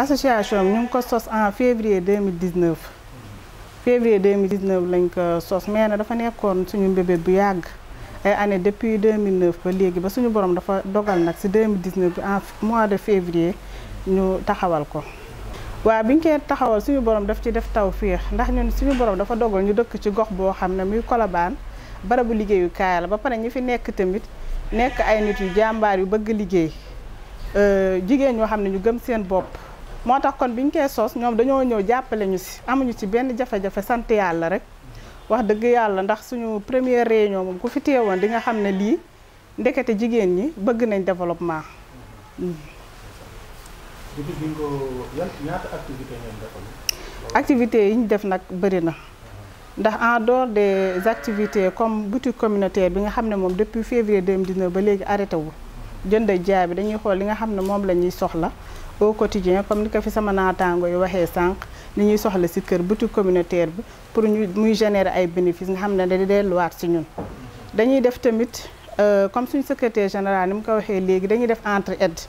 association bi ñu ngi ko sos en février 2019 février 2019 lañ ko sos mais na dafa nekkoon suñu mbébét bu yàgg ay année depuis 2009 ba léegi ba suñu borom dafa dogal nag si 2019 bi en mois de février ñu taxawal ko waa bi biñ koy taxawal suñu borom daf ci def taw féex ndax ñun suñu borom dafa dogal ñu dëkk ci gox boo xam ne muy Colobane barabu liggéeyu kaay la ba pare ñi fi nekk tamit nekk ay nit yu jàmbaar yu bëgg liggéey euh, jigéen ñoo xam ne ñu gëm seen bopp moo tax kon biñ koy soos ñoom dañoo ñëw jàppale ñu si amuñu ci benn jafe-jafe sant yàlla rek wax dëgg yàlla ndax suñu première réunion moom ku fi teewoon di nga xam ne lii ndekete jigéen ñi bëgg nañ développement. activité activités yi ñu def nag bëri na ndax en dehors des activités comme boutique communautaire bi nga xam ne moom depuis février dina ba léegi arrêté wu jënd jaay bi dañuy xool li nga xam ne moom la ñuy soxla. au quotidien comme ni ko fi sama naataango yu waxee sànq li ñuy soxla si kër boutique communautaire bi pour ñu muy générer ay bénéfices nga xam ne day delluwaat si ñun. dañuy def tamit euh, comme suñ secrétaire général ni mu ko waxee léegi dañuy def entre aide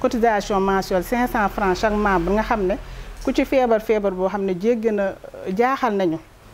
cotisation cinq 500 francs chaque membre nga xam ne ku ci feebar feebar boo xam ne jéggi na jaaxal nañu.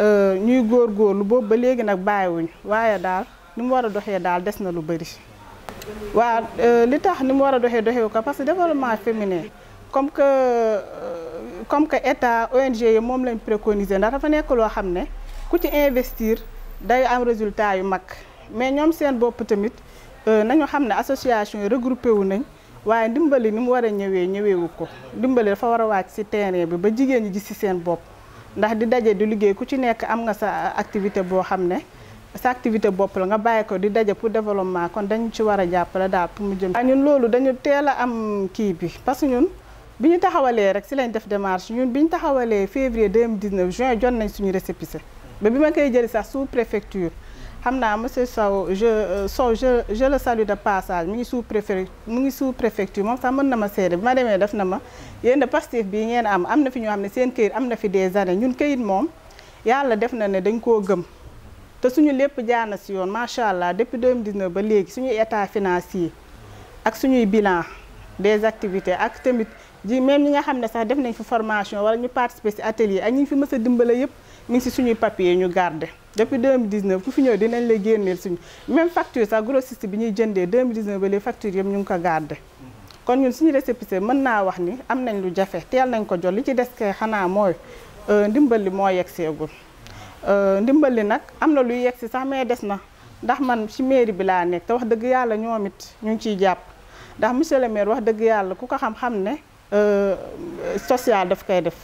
Euh, ñuy góor góor lu boobu ba léegi nag bàyyiwuñ waaye daal ni mu war a doxee daal des na lu bëri. waaw euh, li tax ni mu war a doxee doxewu ko parce que développement féminin comme que euh, comme que état ONG yi moom lañ préconiser ndax dafa nekk loo xam ne ku ci investir day am résultat yu mag mais ñoom seen bopp tamit nañu xam ne association yi regroupé wu nañ waaye ndimbali ni mu war a ñëwee ñëweewu ko ndimbali dafa war a wàcc ci terrain bi ba jigéen ñi ji ci seen bopp. ndax di daje di liggéey ku ci nekk am nga sa activité boo xam ne sa activité bopp la nga bàyyi ko di daje pour développement kon dañu ci war a jàppale daal pour mu jëm. ñun loolu dañu teel a am kii bi parce que ñun bi ñu taxawalee rek si lañ def démarche ñun bi ñu taxawalee février 2019 juin jot nañ suñu récépissé ba bi ma koy jëli sax sous préfecture. xam naa monsieur Sow je euh, Sow je je le salue de passage mu ngi sous préfet mu ngi sous préfecture moom sax mën na ma seede bi ma demee def na ma yéen de bii ngeen am am na fi ñoo xam ne seen këyit am na fi des années ñun këyit moom yàlla def na ne dañ koo gëm te suñu lépp jaana si yoon macha allah depuis na ba léegi suñu état financier ak suñuy bilan des activités ak tamit ji même ñi nga xam ne sax def nañ fi formation wala ñu participer ci atelier ak ñi fi mës dimbale yëpp mi ngi ci suñuy papier ñu garder depuis 2019 ku fi ñëw dinañ la génneel suñu même facture sax grossiste bi ñuy jëndee 2019 ba les factures yëpp ñu ngi ko garder. kon ñu ñun suñu récépissé mën naa wax ni am nañ lu jafe teel nañ ko jot li ci des kay xanaa mooy euh, ndimbal li moo yegg seegul euh, ndimbal li nag am na lu yegg si sax mais des na ndax man ci bi laa nekk wax dëgg yàlla ñoom it ñu ngi ciy jàpp. ndax monsieur le maire wax dëgg yàlla ku ko xam-xam ne euh, social daf koy def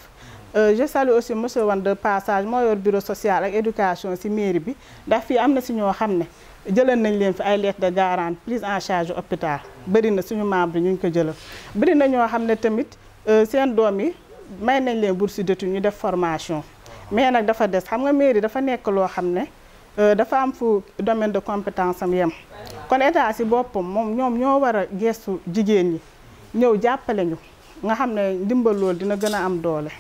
euh, je salue aussi monsieur Wane de passage moo yor bureau social ak éducation ci maire bi ndax fii am na ci ñoo xam ne jëlal nañ leen fi ay lettre de garantie prise en charge hôpital bëri na suñu membre ñu ngi ko jëlal bëri na ñoo xam ne tamit euh, seen doom yi may nañ leen bourse d'études ñu def formation mais nag dafa des xam nga mairie dafa nekk loo xam ne dafa am fu domaine de compétence am yem kon état si boppam moom ñoom ñoo war a gestu jigéen ñi ñëw jàppale ñu nga xam ne ndimbal loolu dina gën a am doole.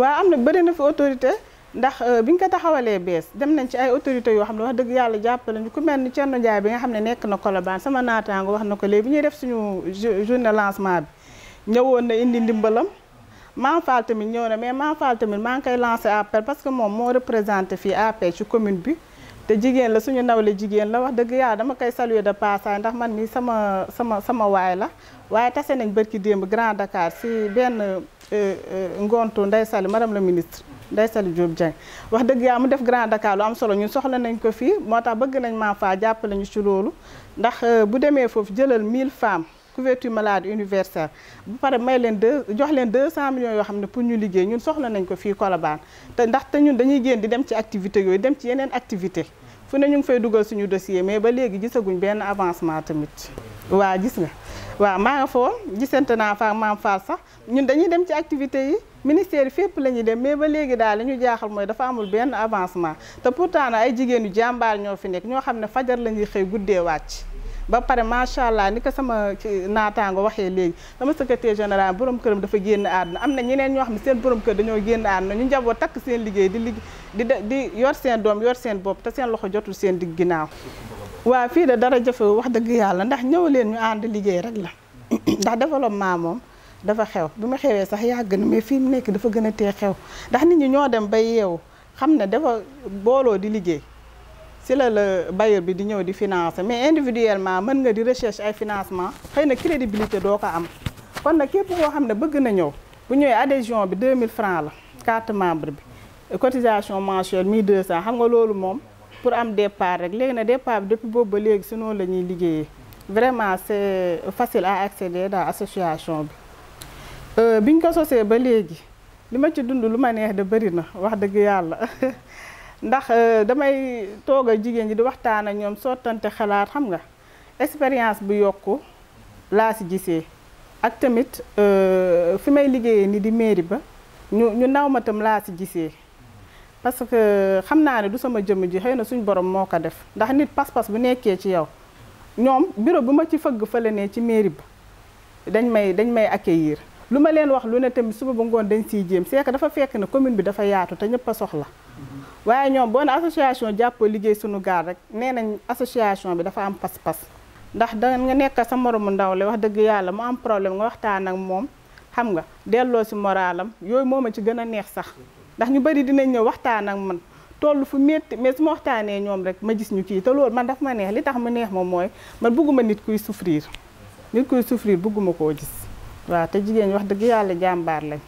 waa am na bëri na fi autorité ndax euh, bi ñu ko taxawalee bees dem nañ ci ay autorité yoo xam ne wax dëgg yàlla jàppale ñu ku mel ni Thierno Ndiaye bi nga xam ne nekk na Colobane sama naataango wax na ko léegi bi ñuy def suñu journée lancement bi ñëwoon na indi ndimbalam. Mame Fall tamit ñëw na mais Mame Fall tamit maa ngi koy lancé appel parce que moom moo représenté fii APR ci commune bi. te jigéen la suñu nawle jigéen la wax dëgg yàlla dama koy saluer de passage ndax man mii sama sama sama waay la waaye tase nañ ki démb Grand Dakar si benn euh, euh, ngontu Ndeye Sali madame la ministre Ndeye Sali Diop Dieng wax dëgg yàlla mu def Grand Dakar lu am solo ñu soxla nañ ko fii moo tax bëgg nañ maa faa jàpp ñu ci loolu ndax euh, bu demee foofu jëlal mille femmes couverture maladie universelle bu pare may leen deux jox leen deux cent millions yoo xam ne pour ñu liggéey ñun soxla nañ ko fii Colobane te ndax te ñun dañuy génn di dem ci activité yooyu dem ci yeneen activité fu ne ñu ngi fay dugal suñu dossier mais ba léegi gisaguñ benn avancement tamit waa gis nga waaw maa nga foo gisante naa fa maam Fall sax ñun dañuy dem ci activité yi ministère yi fépp la ñuy dem mais ba léegi daal la ñu jaaxal mooy dafa amul benn avancement te pourtant ay jigéeni jàmbaar ñoo fi nekk ñoo xam ne fajar la ñuy xëy guddee wàcc ba pare macha allah ni ko sama naataango waxee léegi sama secrétaire général borom këram dafa génn àdduna am na neen ñoo xam ne seen borom kër dañoo génn àdduna ñu njaboot takk seen liggéey di ligg di di yor seen doom yor seen bopp te seen loxo jotul seen digg ginnaaw waaw fii de dara jafe wax dëgg yàlla ndax ñëw leen ñu ànd liggéey rek la ndax développement moom dafa xew bi mu xewee sax yàgg na mais fii mu nekk dafa gën a tee xew ndax nit ñi ñoo dem ba yeewu xam ne dafa booloo di liggéey si la la bailleur bi di ñëw di financer mais individuellement mën nga di recherche ay financement xëy na crédibilité doo ko am kon nag képp koo xam ne bëgg na ñëw bu ñëwee adhésion bi 2000 francs la carte membre bi cotisation mensuelle 1200 xam nga loolu moom pour am départ rek léegi na départ bi depuis boobu ba léegi si noonu la ñuy liggéeyee vraiment c'est facile à accéder dans association bi euh, biñ ko sosee ba léegi li ma ci dund lu ma neex de bëri na wax dëgg yàlla ndax euh, damay toog a jigéen ñi di waxtaan ak ñoom sottante xalaat xam nga expérience bu yokk laa si gisee ak tamit euh, fi may liggéeyee ni di mairie ba ñu ñu naw ma tam laa si gisee parce que xam naa ne du sama jëmm ji xëy na suñ borom moo ko def ndax nit pas-pas bu nekkee ci yow ñoom bureau bu ma ci fëgg fële ne ci mairie ba dañ may dañ may accueillir lu ma leen wax lu ne tamit suba ba ngoon dañ siy jéem c'est dafa fekk ne commune bi dafa yaatu te ñëpp a soxla waaye ñoom boo ne association jàppoo liggéey suñu gaal rek nee nañ association bi dafa am pas-pas ndax da nga nekk sa moromu ndaw la wax dëgg yàlla mu am problème nga waxtaan ak moom xam nga delloo si moraalam yooyu moom a ci gën a neex sax ndax ñu bari dinañ ñëw waxtaan ak man toll fu métti mais ma waxtaanee ñoom rek ma gis ñu kii te loolu man daf ma neex li tax mu neex moom mooy man bugguma nit kuy souffrir nit kuy souffrir bugguma koo gis waaw te jigéen wax dëgg yàlla jàmbaar lañ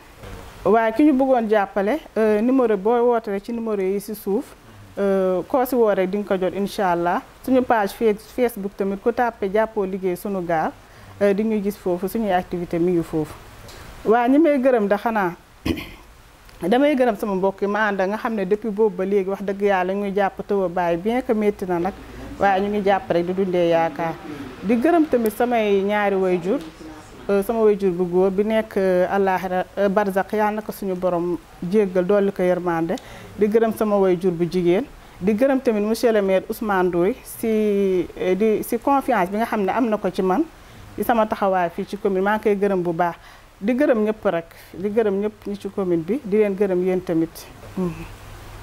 waaye ki ñu bëggoon jàppale euh, numéro booy woote ci numéro yi si suuf euh, koo si woor rek di nga ko jot incha allah suñu page Facebook tamit ku tàppe jàppoo liggéey sunu gaal euh, di ñu gis foofu suñuy activité mi ngi foofu. waaw ñi may gërëm da xanaa damay gërëm sama mbokk yi ma ànd nga xam ne depuis boobu ba léegi wax dëgg yàlla ñu ngi jàpp taw bàyyi bien que métti na nag waaye ñu ngi jàpp rek di dundee yaakaar di gërëm tamit samay ñaari way jur Euh, sama jur bu góor bi nekk euh, àllaaxira euh, barzak yal na ko suñu borom jéggal dolli ko de di gërëm sama jur bu jigéen di gërëm tamit monsieur le maire Ousmane Ndoye si di si confiance bi nga xam ne am na ko ci man di sama taxawaay fii ci commune maa ngi koy gërëm bu baax di gërëm ñëpp rek di gërëm ñëpp ñi ci commune bi di leen gërëm yéen tamit. Hmm.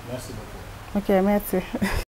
merci beaucoup. ok merci.